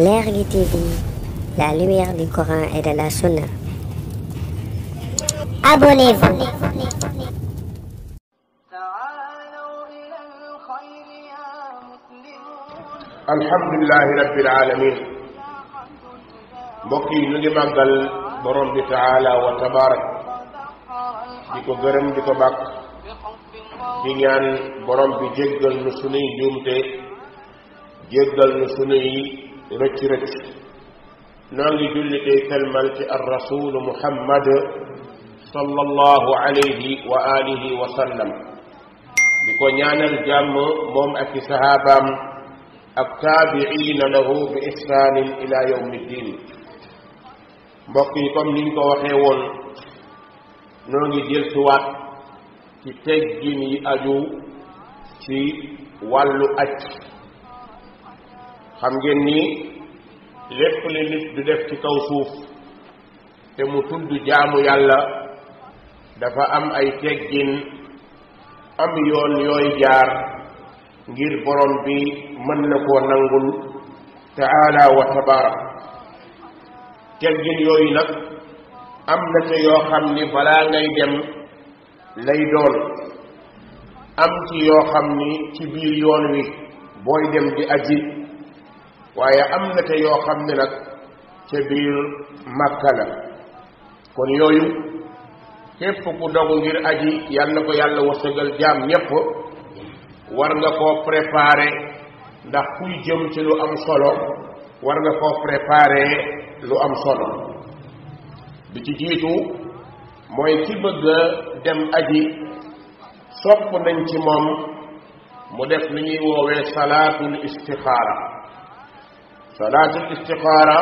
L'Ergue TV, la lumière du Coran et de la Sunna. Abonnez-vous. alhamdulilahi rabbil alamin mbokk yi ñu ngi màggal borom bi taala wa tabarak di ko gërëm bak. Dignan bàkk di ñaan borom bi jéggal nu sunuy njuumte jéggal nu rëcc rëcc noo ngi julli tey selmal ci ar rasul muhammad sallallahu alayhi wa alihi wa sallam di ko ñaanal jàmm moom ak i sahabaam ak taabiina lahu bi ihsanin ila yawmi ddin mbokk yi comme niñ ko waxee woon noo ngi jël suwaat ci teggin yi aju ci wàllu aj xam ngeen ni lépp li nit du def ci kaw suuf te mu tudd jaamu yàlla dafa am ay teggin am yoon yooy jaar ngir borom bi mën na koo nangul taala wa tabarak teggin yooyu nag am na ca yoo xam ni balaa ngay dem lay doon am ci yoo xam ni ci biir yoon wi booy dem di aji waaye am na te yoo xam ne nag ca biir màkka la kon yooyu képp ku dogu ngir aji yal na ko yàlla wërsëgal jaam ñépp war nga koo préparer ndax kuy jëm ci lu am solo war nga koo préparer lu am solo bi ci jiitu mooy ki bëgg dem aji sopp nañ ci moom mu def ni ñuy woowee salaatul istixaara salaatul istixaara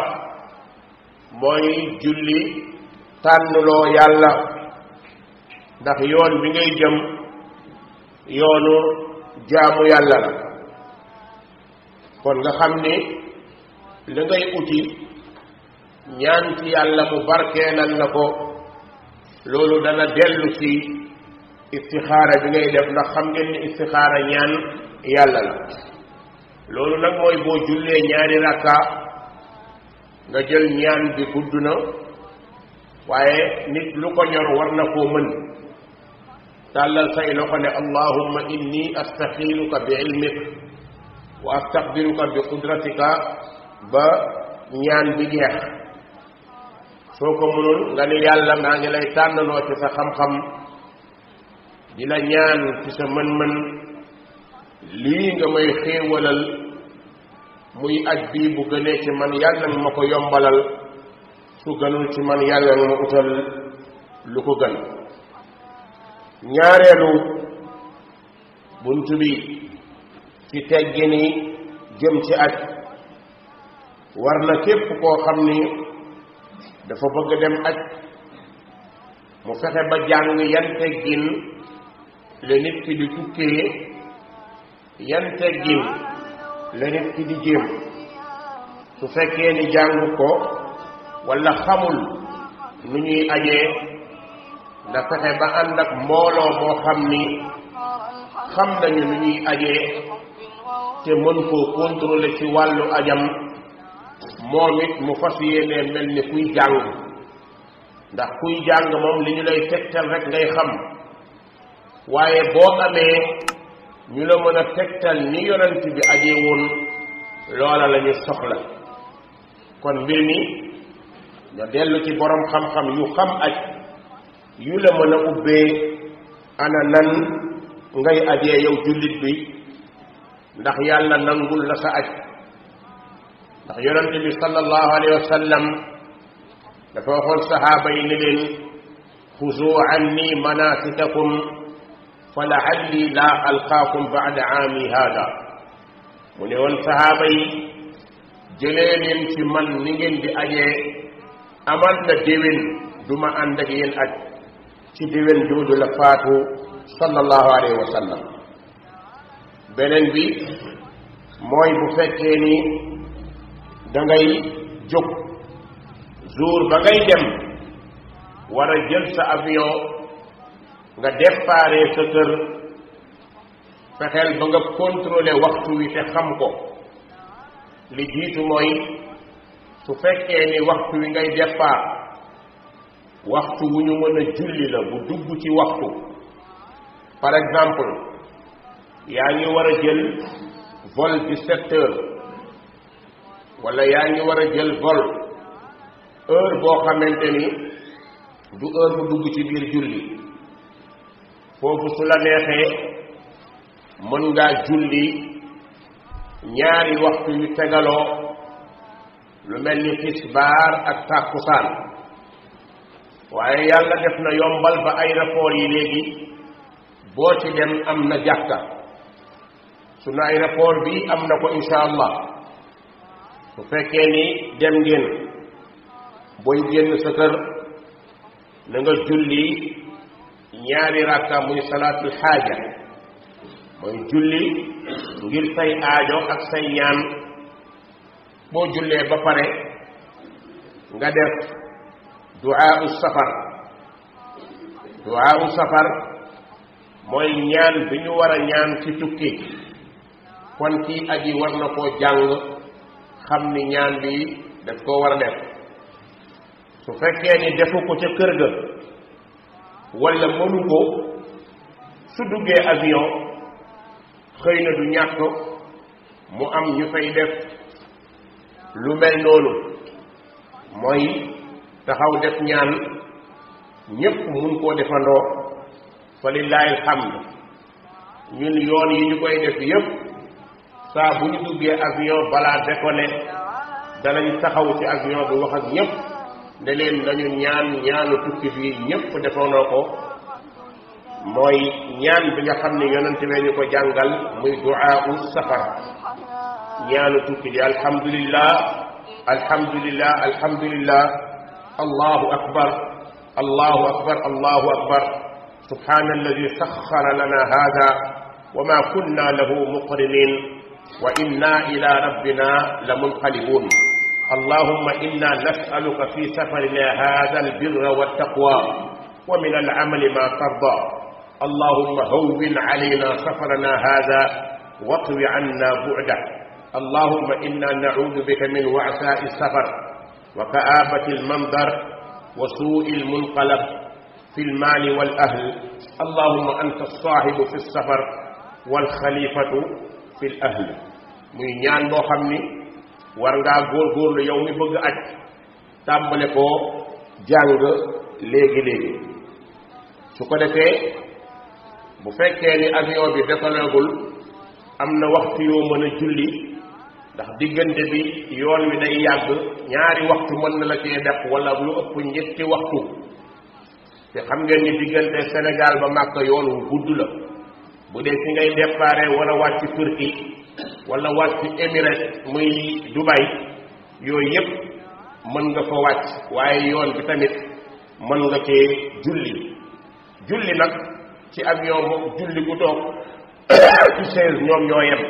mooy julli tànnloo yàlla ndax yoon bi ngay jëm yoonu jaamu yàlla la kon nga xam ni li ngay uti ñaan ci yàlla mu barkeenal la ko loolu dana dellu ci istixaara bi ngay def ndax xam ngeen ni ñaan yàlla la loolu nag mooy boo jullee ñaari rakka nga jël ñaan bi gudd na nit lu ko ñor war na koo mën tàllal say loxo ne allahumma inni astaxiiruka bi ilmik wa astaqdiruka bi qudratika ba ñaan bi jeex soo ko mënul nga ni yàlla maa ngi lay tànnaloo ci sa xam-xam di la ñaan ci sa mën-mën lii nga may xéewalal muy aj bii bu gënee ci man yàlla nga ma ko yombalal su gënul ci man yàlla nga ma utal lu ko gën ñaareelu bunt bi ci teggini jëm ci aj war na képp koo xam ni dafa bëgg dem aj mu fexe ba jàng yan teggin la nit ki di tukkee yan teggin la nit ki di jéem su fekkee ni jàngu ko walla xamul nu ñuy ajee na fexe ba ànd ak mbooloo moo xam ni xam nañu nu ñuy ajee te mën koo contrôler ci wàllu ajam moom it mu fas yéenee mel ni kuy jàng ndax kuy jàng moom li ñu lay tegtal rek ngay xam waaye boo amee ñu la mën a tegtal ni yonent bi aje woon loola la ñu soxla kon mbir mi nga dellu ci borom xam-xam yu xam aj yu la mën a ubbee ana nan ngay ajee yow jullit bi ndax yàlla nangul la sa aj ndax yonent bi sallallahu alayhi wa sallam dafa waxoon sahaaba yi ni leen xuzu anni manasikakum falahalli laa alqaakum baada aami haada mu ne woon sahaaba yi jëlee leen ci man ni ngeen di ajee amal na déwén du ma ànd ak yéen aj ci déwén jooju la faatu sallallahu alayhi wa sallam beneen bi mooy bu fekkee ni da ngay jóg jour ba ngay dem war a jël sa avion nga déparé sa kër fexeel ba nga contrôlé waxtu wi te xam ko li jiitu mooy su fekkee ni waxtu wi ngay départ waxtu wu ñu mën a julli la bu dugg ci waxtu par exemple yaa ngi war a jël vol 17 heures wala yaa ngi war a jël vol heure boo xamante ni du heure bu dugg ci biir julli foofu su la neexee mën ngaa julli ñaari waxtu yu tegaloo lu mel ni tisbaar ak tàkkusaan waaye yàlla def na yombal ba aéroport yi léegi boo ci dem am na jàkka sunu aéroport bi am na ko insha allah su fekkee ni dem ngeen booy génn sa kër julli ñaari rakka muy salatul haja moy julli ngir say aajo ak say ñaan bo julle ba pare nga def duaa safar duaa safar moy ñaan biñu wara ñaan ci tukki kon ki aji war na ko jang xamni ni ñaan bi daf ko wara def su fekke ni defu ko ci kër ga wala mënu ko su duggee avion xëy na du ñàkk mu am ñu fay def lu mel noonu mooy taxaw def ñaan ñépp mun koo defandoo fa lillahi alhamd ñun yoon yi ñu koy def yépp saa bu ñu duggee avion balaa décoller danañ taxaw ci avion bi wax ak ñépp ne leen nañu ñaan ñaanu tukki fi ñëpp defoonoo ko mooy ñaan bi nga xam ne yonent bee ñu ko jàngal muy duaau safar ñaanu tukki di alhamdulillah alhamdulillah alhamdulillah allahu akbar allahu akbar allahu akbar subhana alladi saxara lana hada wa ma kunna lahu muqrinin wa inna ila rabbina la اللهم إنا نسألك في سفرنا هذا البر والتقوى ومن العمل ما ترضى اللهم هون علينا سفرنا هذا واطو عنا بعده اللهم إنا نعوذ بك من وعثاء السفر وكآبة المنظر وسوء المنقلب في المال والأهل اللهم أنت الصاحب في السفر والخليفة في الأهل من يان بو war ngaa góor góorlu yow mi bëgg aj tàmbale koo jàng léegi-léegi su ko defee bu fekkee ni avion bi décollagul am na waxtu yoo mën a julli ndax diggante bi yoon wi day yàgg ñaari waxtu mën na la cee def wala lu ëpp ñetti waxtu te xam ngeen ni diggante Sénégal ba Màkka yoon wu gudd la bu dee fi ngay déparé war a wàcc Turquie wala wàcc Émirats muy Dubai yooyu yëpp mën nga fa wàcc waaye yoon bi tamit mën nga cee julli julli nag ci avion boobu julli ku toog ci chaise ñoom ñoo yem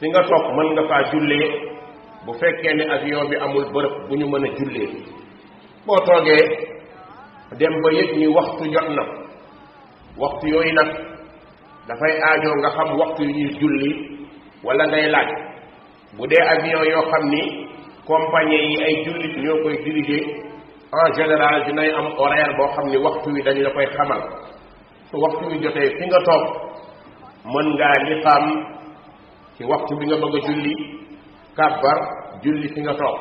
fi nga toog mën nga faa jullee bu fekkee ni avion bi amul bërëb bu ñu mën a jullee boo toogee dem ba yëg ni waxtu jot na waxtu yooyu nag dafay aajoo nga xam waxtu yu ñuy julli wala ngay laaj bu dee avion yoo xam ni compagnie yi ay jullit ñoo koy diriger en général dinay am horaire boo xam ni waxtu wi dañu la koy xamal su waxtu wi joxee fi nga toog mën ngaa li xam ci waxtu bi nga bëgg a julli kàbbar julli fi nga toog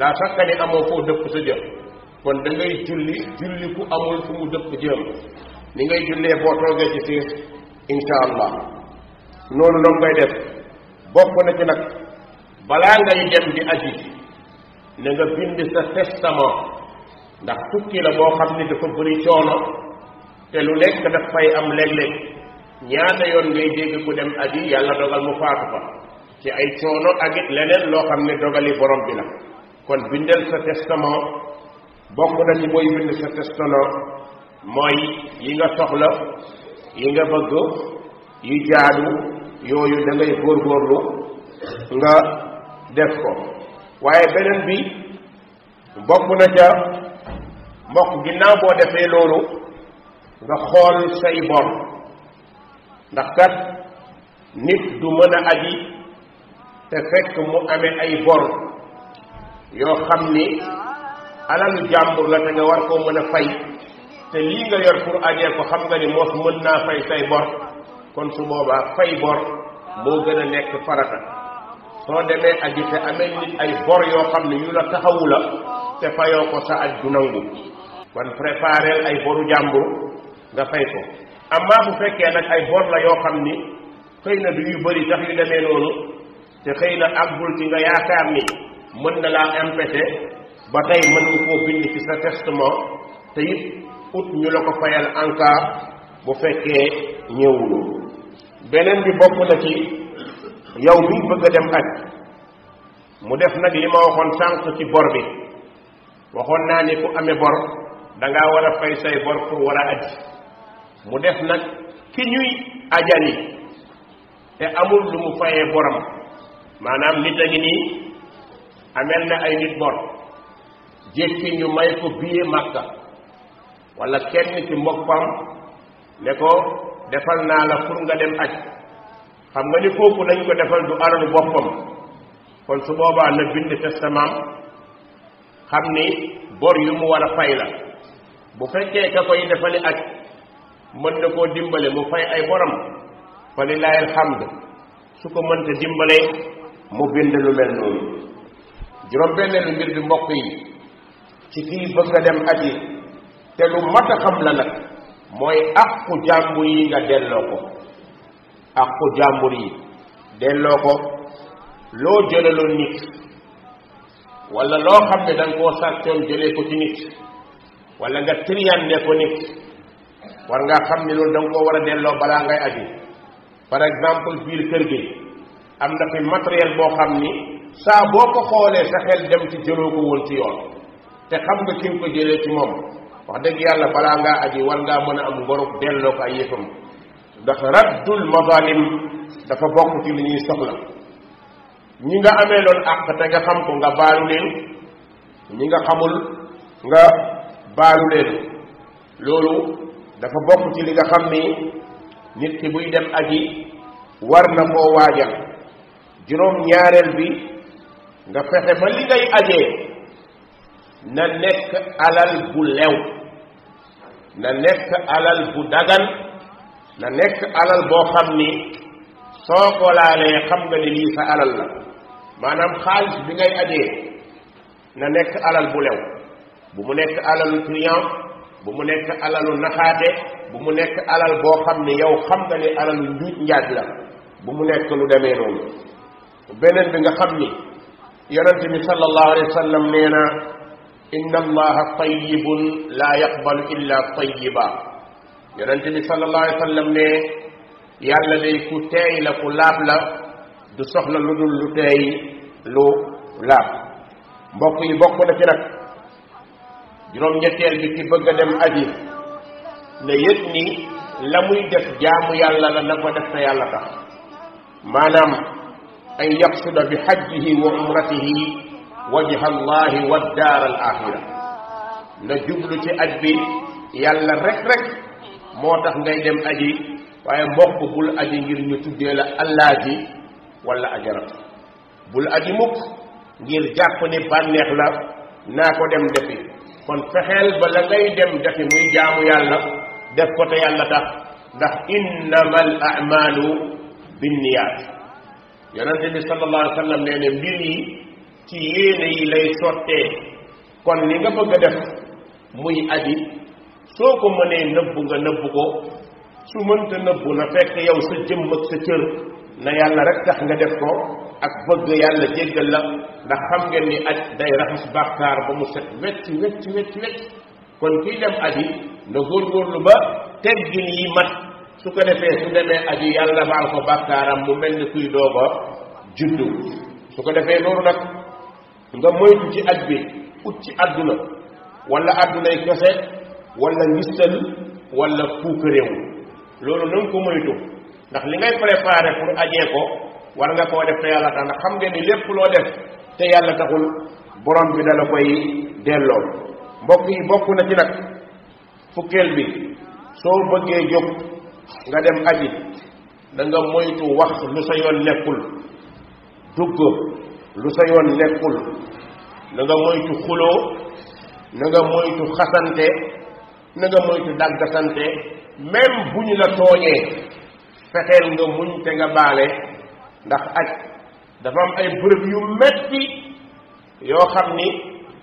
laa sakka ni amoo foo dëpp sa jëm kon da ngay julli julli ku amul fu mu dëpp jëm ni ngay jullee boo toogee ci siis incha allah noonu la koy def bokk na ci nag balaa ngay dem di aji na nga bind sa testament ndax tukki la boo xam ne dafa bëri coono te lu lekk daf am léeg-léeg ñaata yoon ngay dégg ku dem aji yàlla dogal mu faatu fa ci ay coono ak it leneen loo xam ne dogali borom bi la kon bindal sa testament bokk na ci mooy bind sa testament mooy yi nga soxla yi nga bëgg yi jaadu yooyu da ngay góorlu nga def ko waaye beneen bi bokk na ca mbokk ginnaaw boo defee loolu nga xool say bor ndax kat nit du mën a aji te fekk mu amee ay bor yoo xam ni alalu jàmbur la te nga war koo mën a fay te lii nga yor pour ajee ko xam nga ni moos mën naa fay say bor kon su boobaa fay bor moo gën a nekk farata soo demee aji te amee nit ay bor yoo xam ne yu la taxawu la te fayoo ko sa aj du nangu kon prépareel ay boru jàmbur nga fay ko amaa bu fekkee nag ay bor la yoo xam ni xëy na du yu bari tax yu demee noonu te xëy na àggul ci nga yaakaar ni mën na laa empêché ba tey mën nga koo bind ci sa testament te ut ñu la ko fayal encore bu fekkee ñëwuloo beneen bi bokk na ci yow bi bëgg a dem aj mu def nag li ma waxoon sànq ci bor bi waxoon naa ni ku amee bor danga war a fay say bor pour war a aj mu def nag ki ñuy yi te amul lu mu fayee boram maanaam nit a ngi nii amel na ay nit bor jékki ñu may ko billet màkka wala kenn ci mbokkam ne ko defal naa la pour nga dem aj xam nga ni foofu lañ ko defal du aranu boppam kon su boobaa na bind testament xam ni bor yu mu war a fay la bu fekkee ka koy defali aj mën na koo dimbale mu fay ay boram fa li laayal xamd su ko mënta dimbale mu bind lu mel noonu juróom benneen mbir bi mbokk yi ci kii bëgg a dem aj yi te lu mat a xam la nag mooy àqu jàmbur yi nga delloo ko àqu jàmbur yi delloo ko loo jëlaloon nit wala loo xam ne da nga koo sàccoon jëlee ko ci nit wala nga triyande ko nit war ngaa xam ne loolu da nga koo war a delloo balaa ngay aji par exemple biir kër gi am na fi matériel boo xam ni saa boo ko xoolee sa xel dem ci jëloo ko woon ci yoon te xam nga ki nga ko jëlee ci moom wax dëgg yàlla balaa ngaa aji war ngaa mën a am ngorug delloo ko ay yëfam ndax raddul mazalim dafa bokk ci li ñuy soxla ñi nga amee loon àq te nga xam ko nga baalu leen ñi nga xamul nga baalu leen loolu dafa bokk ci li nga xam ni nit ki buy dem aji war na koo waajal juróom ñaareel bi nga fexe ba li ngay ajee na nekk alal bu lew na nekk alal bu dagan na nekk alal boo xam ni soo ko xam nga ni lii sa alal la maanaam xaalis bi ngay ajee na nekk alal bu lew bu mu nekk alalu client bu mu nekk alalu naxaate bu mu nekk alal boo xam ni yow xam nga ni alalu njuuj njaaj la bu mu nekk lu demee noonu beneen bi nga xam ni yonente bi sallallahu alayhi nee na inna allaha tayyibun la yaqbalu illa tayyiba yonent bi sallallahu alayhi wa sallam ne yàlla day ku teey la ku laab la du soxla lu dul lu teey lu laab mbokk yi bokk na ci nag juróom-ñetteel bi ci bëgg a dem aji ne yëg ni la muy def jaamu yàlla la na ko def te yàlla tax maanaam ay yaqsuda bi hajjihi wa umratihi وجه الله والدار الآخرة نجبل تي أجبي يالا رك رك موتخ نجي دم أجي وي موك بول أجي نجير نتو ديلا اللاجي ولا أجرم بول أجي موك نجير جاكوني بانيخ لا ناكو دم دفي kon fexel ba la ngay dem def muy jaamu yalla def ko te yalla tax ndax innamal a'malu binniyat yaronte bi sallallahu alayhi wasallam neene mbir yi ci yéene yi lay sottee kon li nga bëgg a def muy aji soo ko mënee nëbbu nga nëbbu ko su mënta nëbbu na fekk yow sa jëmm ak sa cër na yàlla rek tax nga def ko ak bëgg yàlla jéggal la ndax xam ngeen ni aj day raxas bàkkaar ba mu set wecc wecc wecc wecc kon kiy dem aji na góorgóorlu ba teggin yi mat su ko defee su demee aji yàlla baal ko bàkkaaram mu mel ni kuy doog a juddu su ko defee loolu nag nga moytu ci aj bi ut ci àdduna wala àddunay kese wala ngistal wala puukaréew loolu na ko moytu ndax li ngay préparé pour ajee ko war nga koo def te yàlla tax ndax xam nga ni lépp loo def te yàlla taxul borom bi dala koy delloo mbokk yi bokk na ci nag fukkeel bi soo bëggee jóg nga dem aji da nga moytu wax lu sa yoon nekkul dugg lu sa yoon nekkul na nga moytu xuloo na nga moytu xasante na moytu dàggasante même bu ñu la tooñee fexeel nga muñ te nga baale ndax ak dafa am ay bërëb yu metti yoo xam ni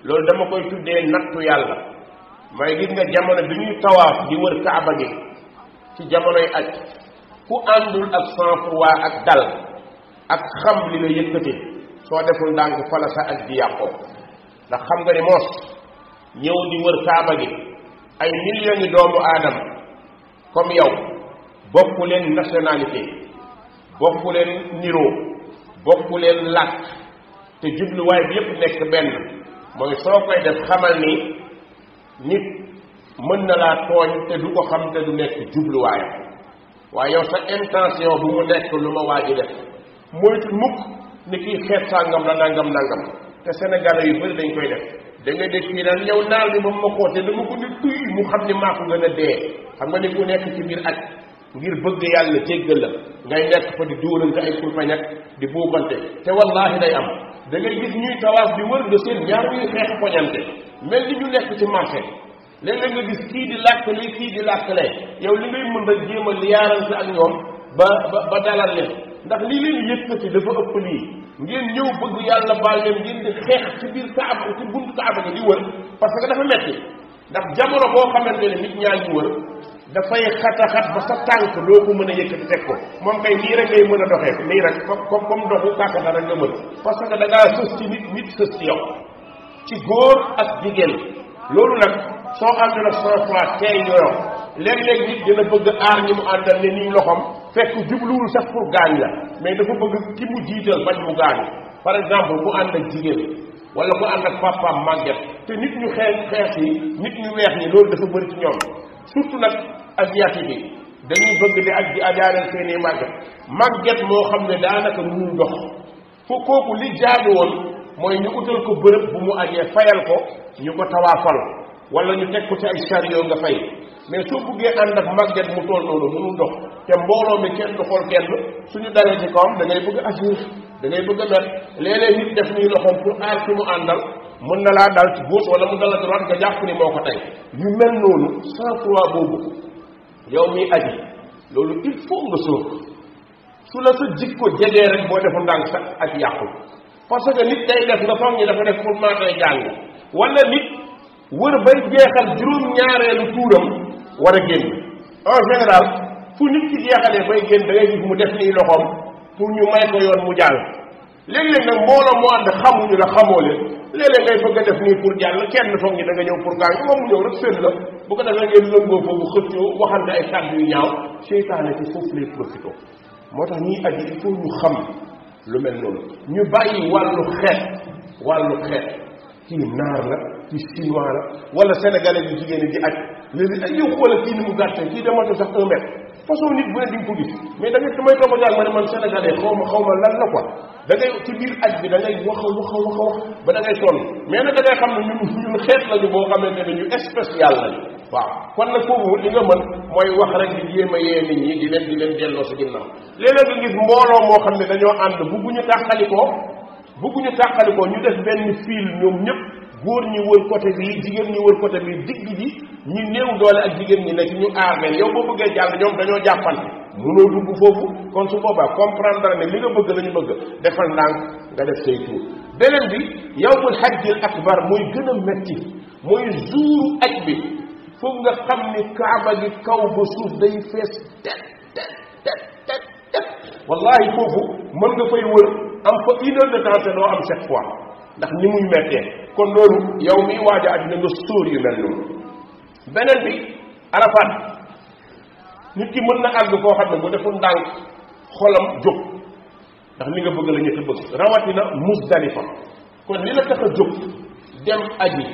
loolu dama koy tuddee nattu yàlla mooy gis nga jamono bi ñuy tawaaf di wër kaaba gi ci jamonoy aj ku àndul ak sang-froid ak dal ak xam li la yëkkati soo deful ndànk fa la sa aj ndax xam nga ni moos ñëw di wër kaaba gi ay millions yi doomu aadama comme yow bokku leen nationalité bokku leen niroo te jubluwaay bi yépp nekk benn mooy soo koy def xamal ni nit mën na laa tooñ te du ko xam te du nekk jubluwaayam waaye yow sa intention bu mu nekk lu ma waa def moytu mukk ni kii xeet sàngam la nangam nangam te sénégalais yu bëri dañ koy def da ngay def kii naan ñëw naal ni ma ma ko te dama ko ni tuy mu xam ni maa ko gën a dee xam nga ni ku nekk ci ngir aj ngir bëgg yàlla jéggal la ngay nekk fa di dóorante ay kurpañ ak di buubante te wallaahi day am da ngay gis ñuy tawaaf di wër nga seen ñaar ñuy xeex poñante mel ni ñu nekk ci marché léeg-léeg nga gis kii di làkk lii kii di làkk lee yow li ngay mën a jéem a liyaarante ak ñoom ba ba ba dalal ndax lii leen yëkkati dafa ëpp lii ngeen ñëw bëgg yàlla baal leen ngeen di xeex ci biir kaaba ci buntu kaaba gi di wër parce que dafa metti ndax jamono boo xamante ne nit ñaa ngi wër dafay xataxat ba sa tànk doo ko mën a yëkkati teg ko moom kay nii rek ngay mën a doxee nii rek comme comme doxu kàkkata rek nga mën parce que da ngaa sës ci nit nit sës ci yow ci góor ak jigéen loolu nag soo amee nag soo fois tey yoyoo léeg-léeg nit dina bëgg aar ñi mu àndal ne nii loxoom fekk jubluwul sax pour gaañ la mais dafa bëgg ki mu jiital bañ mu gaañ par exemple mu ànd ak jigéen wala mu ànd ak papaam màgget te nit ñu xees xees si nit ñu weex ñi loolu dafa bëri ci ñoom surtout nag asiatique yi dañuy bëgg di ak di ajaaleel seeni màgget màgget moo xam ne daanaka mënul dox foo kooku li jaadu woon mooy ñu utal ko bërëb bu mu ajee fayal ko ñu ko tawaafal wala ñu teg ko ci ay chariot nga fay mais soo buggee ànd ak màgget mu toll noonu mënul dox te mbooloo mi kenn du xool kenn suñu dalee ci kawam da ngay bëgg a agir da ngay bëgg a met léeg-léeg nit def nii loxoom pour aar ci mu àndal mën na laa dal ci gauche wala mu dal la droite nga jàpp ni moo ko tey yu mel noonu sans fois boobu yow miy aji loolu il faut nga sóor su la sa jikko jegee rek boo defu ndànk sax ak yàqu parce que nit day def nga foog ñi dafa def pour maa koy jàng wër bay jeexal juróom-ñaareelu tuuram war a génn en général fu nit ki jeexalee bay génn da ngay gis mu def nii loxoom pour ñu may ko yoon mu jàll léeg-léeg nag mbooloo mu ànd xamuñu la xamoo leen léeg-léeg ngay bëgg a def nii pour jàll kenn foog ni da nga ñëw pour gaañ moom mu ñëw rek seen la bu ko defee ngeen lëngoo foofu xëccoo waxante ay kàddu yu ñaaw seytaane ci foofu lay profito moo tax ñii aji pour ñu xam lu mel noonu ñu bàyyi wàllu xeet wàllu xeet kii naar la ci chinois la wala sénégalais yu jigéen di aj léegi ay yow xoolal kii ni mu gàttee kii dematu sax un mètre façon nit bu ne di nga ko gis mais da nga damay ko a jàng ma ne man sénégalais xaw ma xaw ma lan la quoi da ngay ci biir aj bi da ngay wax a wax a wax wax ba da ngay sonn mais nag da ngay xam ne ñun ñun xeet lañu boo xamante ne ñu spécial lañu waaw kon nag foofu li nga mën mooy wax rek di jéem a yee nit ñi di leen di leen delloo sa ginnaaw léeg-léeg nga gis mbooloo moo xam ne dañoo ànd bugguñu tàqalikoo bugguñu tàqalikoo ñu def benn fil ñoom ñëpp góor ñi wër côté bii jigéen ñi wër côté bii digg ji ñu néew doole ak jigéen ñi nekk ñu aar leen yow boo bëggee jàll ñoom dañoo jàppante mënoo dugg foofu kon su boobaa comprendre ne li nga bëgg la ñu bëgg defal ndànk nga def say tuur beneen bi yawmul hajjil akbar mooy gën a metti mooy zuuru aj bi foog nga xam ni kaaba gi kaw ba suuf day fees tet tet tet tet tet wallahi foofu mën nga fay wër am fa une heure de temps te am chaque fois ndax ni muy metté kon lolu yow mi waaja àddina nga story yu mel noonu beneen bi arafat nit ki mën na ag ko xamne bu deful ndànk xolam jóg ndax li nga bëgg la ñëpp bëgg rawati na musdalifa kon li la tax jóg dem aji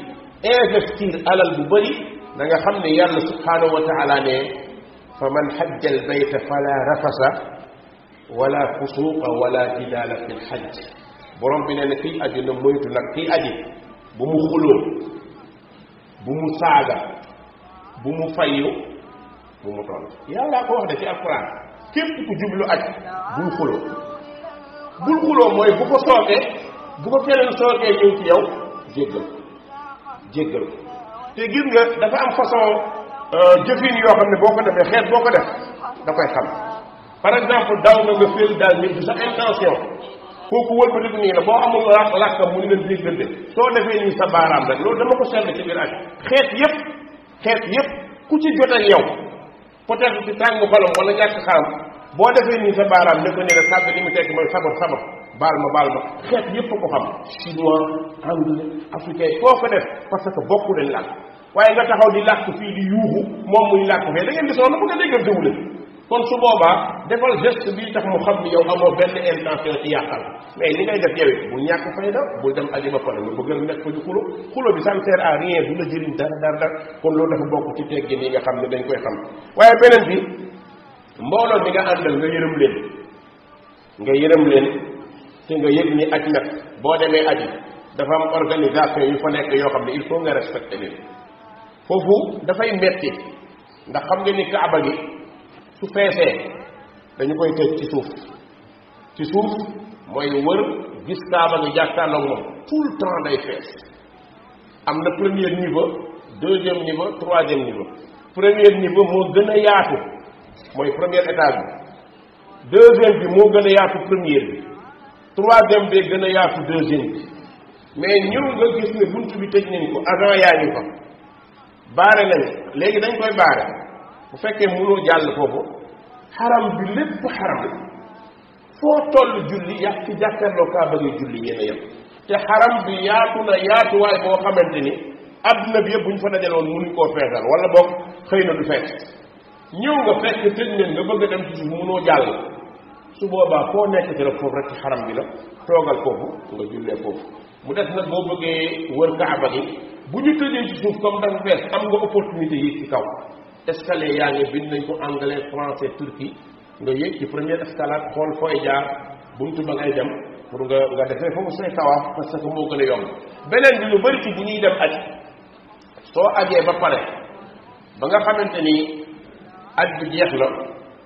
investir alal bu bari da nga xamne yàlla subhanahu wa taala ne faman hajja al bayt fala rafasa wala fusuqa wala jidaala fi lxajj borom bi nee na kiy aju na moytu nag kiy aji bu mu xuloo bu mu saaga bu mu fayyu bu mu ton yàllaa ko wax de ci alquran képp ku jublu aj bul xuloo bul xuloo mooy bu ko sookee bu ko keneen sookee ñëw ci yow jéggal jéggal ko te gis nga dafa am façon euh, jëfin yoo xam ne boo ko defee xeet boo ko def da koy xam par exemple daw nga nga féel daal nit du sa intention kooku wëlbatiku nii la boo amul làkk làkkam mu ni leen biir dënde soo defee nii sa baaraam rek loolu dama ko seetlu ci biir ak xeet yépp xeet yépp ku ci jot ak yow peut ci tàng xolam wala ñàkk xaram boo defee nii sa baaraam ne ko nii rek sàdd li mu tekki mooy sabab baal ma baal ma xeet yépp ko xam chinois anglais africain koo ko def parce que bokku leen làkk waaye nga taxaw di làkk fii di yuuxu moom muy làkk fee da ngeen di sonn bu nga déggal dëwle kon su boobaa defal geste bi tax mu xam ni yow amoo benn intention ci yàqal mais li ngay def yowit bul ñàkk fayda bu dem aji ba pare nga bëgg a nekk fa di xulo xulo bi ça ne sert à rien du la kon loolu dafa bokk ci teggin yi nga xam ne dañ koy xam waaye beneen bi mbooloo bi nga àndal nga yërëm leen nga yërëm leen te nga yëg ni aj nag boo demee aji dafa am organisation yu fa nekk yoo xam ne il faut nga respecter leen foofu dafay metti ndax xam nga ni kaaba gi su feesee dañu koy tëj ci suuf ci suuf mooy wër gis kaaba gi jàkkaarloog moom tout le temps day fees am na premier niveau deuxième niveau troisième niveau premier niveau moo gën a yaatu mooy premier étage bi deuxième bi moo gën a yaatu premier bi troisième bi gën a yaatu deuxième bi mais ñun nga gis ne buntu bi tëj nañ ko agent yaa ñu fa baare nañ léegi dañ koy baare bu fekkee mënoo jàll foofu xaram bi lépp xaram la foo toll julli yaa ci jàkkaarloo kaaba gi julli yéen a te xaram bi yaatu na yaatuwaay boo xamante ni adduna bi yëpp bu ñu fa dajaloon mënuñ koo feesal wala boog xëy na du fekk ñëw nga fekk tëj nañ nga bëgg a dem ci suuf mënoo jàll su boobaa foo nekk ci rek foofu rek ci xaram bi la toogal foofu nga jullee foofu mu des nag boo bëggee wër kaaba gi bu ñu tëjee suuf comme dafa fees am nga opportunité yi ci escalier yaa ngi bind nañ ko anglais français turki nga yéeg ci premier escalade xool fooy jaar buntu ba ngay dem pour nga nga defee foofu say tawaf parce que moo gën a yomb beneen bi lu bëri ci bu ñuy dem aj soo ajee ba pare ba nga xamante ni aj bi jeex la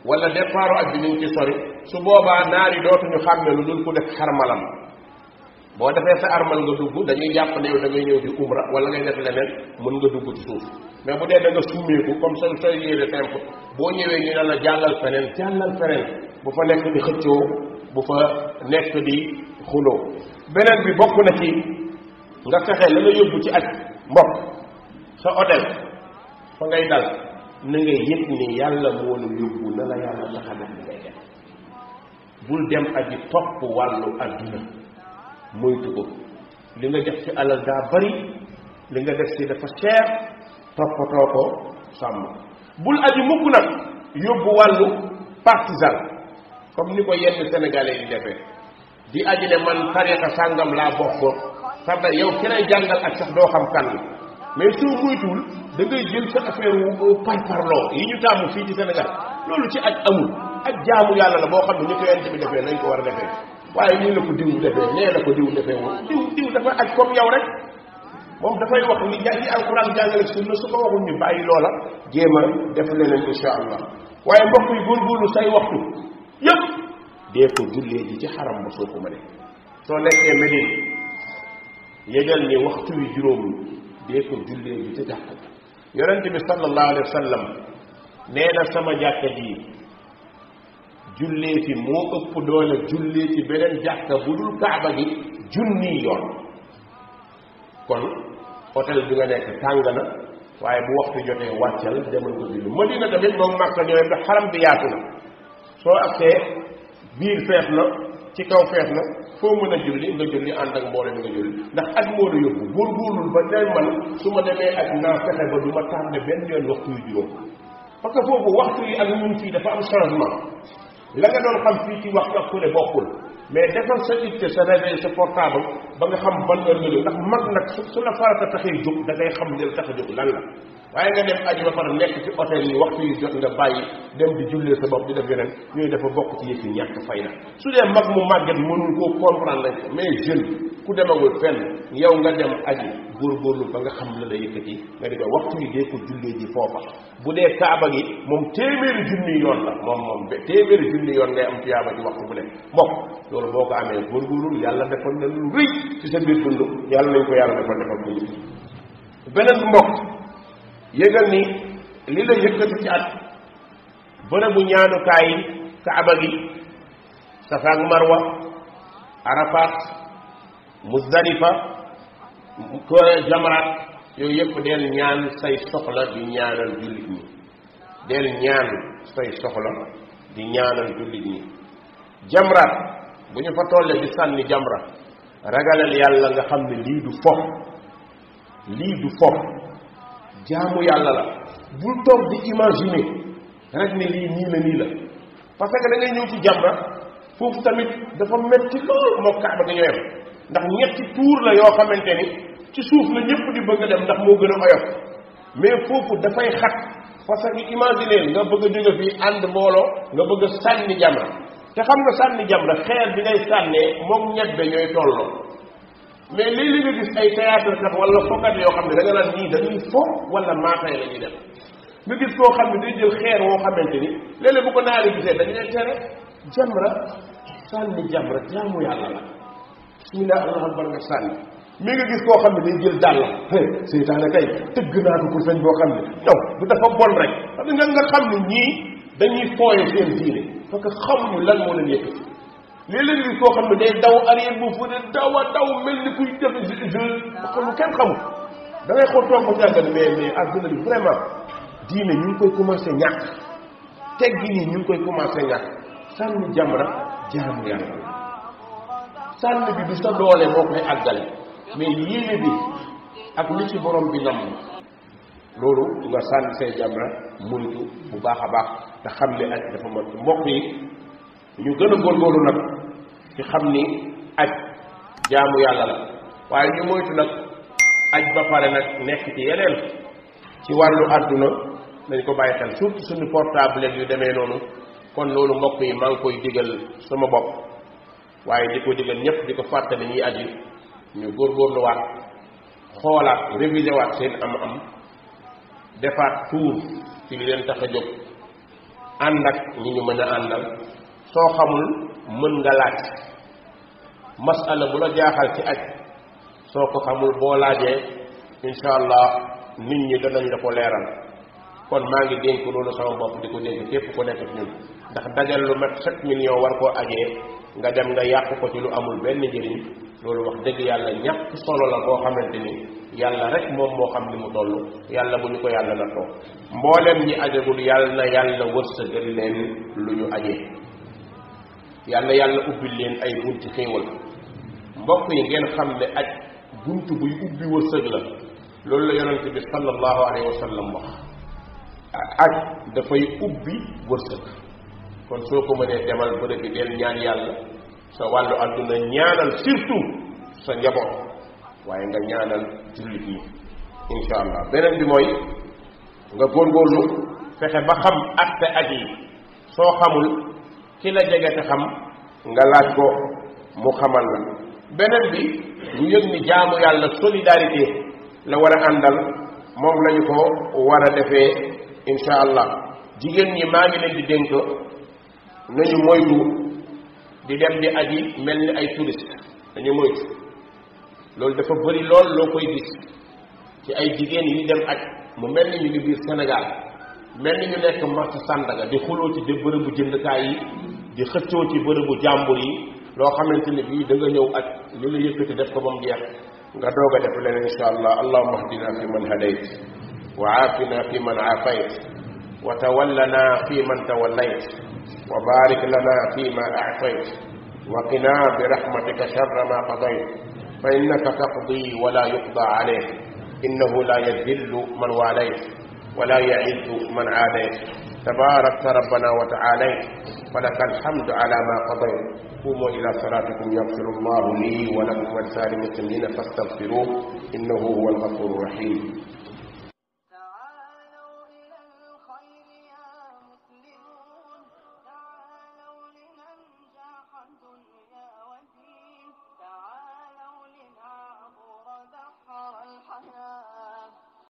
wala départ aj bi ñu ngi ci sori su boobaa naar yi dootuñu xàmme lu dul ko def xarmalam boo defee sa armal nga dugg dañuy jàpp ne yow da ngay ñëw di umra wala ngay def leneen mën nga dugg ci suuf mais bu dee da nga summeeku comme soo sooy yéere simple boo ñëwee ñu ne la jàllal feneen jàllal feneen bu fa nekk di bu fa nekk di xuloo beneen bi bokk na ci nga fexe la nga yóbbu ci ak mbokk sa hôtel fa ngay dal na yëg ni yàlla moo la yóbbu na la yàlla tax li ngay def bul dem aji topp wàllu adduna moytu ko li nga def ci alal daa bari li nga def ci dafa cher toppatoo ko sàmm bul aju mukk nag yóbbu wàllu partisan comme ni ko yenn sénégalais yi defee di aju ne man tariqa sàngam laa bokk sabda yow ki lay jàngal ak sax doo xam kan mais soo muytuwul da ngay jël sa affaire wu euh, par yi ñu taamu fii ci Sénégal loolu ci aj amul ak jaamu yàlla la boo xam ne ñu ko yent bi defee nañ ko war a defee waaye nii la ko diw defee nee la ko diw defee woon diw diw dafa aj comme yow rek moom dafay wax ni jàng yi alquran jàngale sunna su ko waxul ñu bàyyi loola jéem a def leneen insha allah waaye mbokk yi góorgóorlu say waxtu yëpp dee ko jullee ci xaram ba soo ko mënee soo nekkee Medine yëgal ni waxtu wi juróom dee ko jullee ji ci jàkka ji bi sallallahu alayhi wa nee na sama jàkka ji jullee fi moo ëpp doole jullee beneen jàkka bu dul kaaba gi junni yoon kon hôtel bi nga nekk tàng na waaye bu waxtu jotee wàccal demal ko julli Madina tamit moom Makka ñoo yem xaram bi yaatu na soo agsee biir fees na ci kaw fees na foo mën a julli nga julli ànd ak mboole bi nga julli ndax ak moo la yóbbu góorgóorlul ba day su ma demee ak naa ba du ma tànn benn yoon waxtu yu juróom parce que foofu waxtu yi ak ñun fii dafa am changement la nga doon xam fii ci waxtu ak ku bokkul mais defal sa itte sa réveil sa portable ba nga xam ban heure nga ndax mag nag su la farata taxee jóg da ngay xam ne tax a jóg lan la waaye nga dem aji ba pare nekk ci hôtel yi waxtu yi jot nga bàyyi dem di jullee sa bopp di def yeneen ñooyu dafa bokk ci yëf ñàkk fay na su dee mag mu màgget mënul koo comprendre nañ ko mais jeune ku demagul fenn yow nga dem góor góorgóorlu ba nga xam la la yëkkati nga di ko waxtu yi dee ko jullee ji foofa bu dee kaaba gi moom téeméeri junni yoon la moom moom téeméeri junni yoon ngay am tuyaaba ci waxtu bu ne mbokk loolu boo ko amee góorgóorlu yàlla defal na lu rëy ci sa yàlla nañ ko yàlla defal yëgal ni li la yëkkati ci at bërëbu ñaanukaay kaaba gi safa ak marwa arafat muzdalifa ko jamrat yooyu yëpp del ñaan say soxla di ñaanal jullit ñi del ñaan say soxla di ñaanal jullit ñi jamrat bu ñu fa tollee di sànni jamra ragalal yàlla nga xam ne lii du fof lii du fof jaamu yàlla la bul toog di imaginer rek ne lii nii la nii la parce que da ngay ñëw ci jàmm foofu tamit dafa metti lool moo kaaba ga ñoo yem ndax ñetti tuur la yoo xamante ni ci suuf la ñëpp di bëgg dem ndax moo gën a oyof mais foofu dafay xat parce que imaginer nga bëgg a jóge fii ànd mbooloo nga bëgg sànni sànni jamra te xam nga sànni jamra xeer bi ngay sànnee moom ñebbe ñooy tolloo mais léeg-léeg nga gis ay théâtre kat wala fokat yoo xam ne da nga naan ñii dañuy fo wala maatay la ñuy def nga gis koo xam ne day jël xeer woo xamante ni léeg-léeg bu ko xam ne day jël dàll seytaane kay tëgg naa ko pour sañ boo xam ne yow du dafa bon rek parce que nga parce que xamuñu lan moo léeg-léeg ngi koo xam ne day daw arrière bu fu ne daw a daw mel ni kuy def jeu ah. lu kenn xamul da ngay xool toog ba jàngal mais mais adduna bi vraiment diine ñu ngi koy commencé ñàkk teggi nii ñu ngi koy commencé ñàkk sànni jamra jaamu yàlla sànni bi du sa doole moo koy àggale mais yéene bi ak li ci borom bi nam loolu nga sànni say jamra muntu bu baax a baax te xam ne ak dafa mat mbokk yi ñu gën a góorgóorlu nag ci xam ni aj jaamu yàlla la waaye ñu moytu nag aj ba pare nag nekk ci yeneen ci wàllu àdduna dañ ko bàyyi xel surtout suñu portable yu demee noonu kon loolu mbokk yi maa ngi koy digal sama bopp waaye di ko digal ñëpp di ko fàttali ñuy aji ñu góorgóorluwaat xoolaat réviser waat seen am-am defaat tuur ci li leen tax a jóg ànd ak ñi ñu mën a àndal soo xamul. mën nga laaj masala bu la jaaxal ci aj soo ko xamul boo laajee incha allah nit ñi danañ la ko leeral kon maa ngi dénk loolu sama bopp di ko dénk képp ko nekk ci ñun ndax dajal lu mat sept millions war koo ajee nga dem nga yàq ko ci lu amul benn njëriñ loolu wax dëgg yàlla ñàkk solo la koo xamante ni yàlla rek moom moo xam li mu toll yàlla bu ñu ko yàlla na toog mboolem ñi ajagul yàlla yàlla wërsëgal leen lu ñu ajee yàlla yàlla ubbi leen ay bunti xéewal mbokk yi ngeen xam ne ak bunt buy ubbi wërsëg la loolu la yonent bi sallallahu alayhi wa sallam wax aj dafay ubbi wërsëg kon soo ko mënee demal bërëb bi del ñaan yàlla sa wàllu àdduna ñaanal surtout sa njaboot waaye nga ñaanal jullit yi insha allah beneen bi mooy nga góorgóorlu fexe ba xam atte aj yi soo xamul ki la jege te xam nga laaj ko mu xamal la beneen bi ñu yëg ni jaamu yàlla solidarité la war a àndal moom lañu ko war a defee insha allah jigéen ñi maa ngi leen di dénk nañu moytu di dem di aji mel ni ay touriste dañu moytu loolu dafa bëri lool loo koy gis ci ay jigéen yi dem ak mu mel ni ñu ngi biir senegal mel ni ñu nekk marché Sandaga di xuloo ci de bërëbu jëndkaay yi di xëccoo ci bërëbu jàmbur yi loo xamante ni bii da nga ñëw ak li la yëkkati def ko ba mu jeex nga doog a def leneen insha allah allahuma ahdina fi man hadayt wa aafina fi man aafayt wa tawallana fi man tawallayt wa barik lana fi ma aafayt wa qina bi rahmatika sharra ma qadayt fa innaka taqdi wa la yuqda alayk إنه لا يذل من walayt ولا يعز من عاديت تبارك ربنا وتعاليت فلك الحمد على ما قضيت قوموا إلى صلاتكم يغفر الله لي ولكم ولسائر المسلمين فاستغفروه إنه هو الغفور الرحيم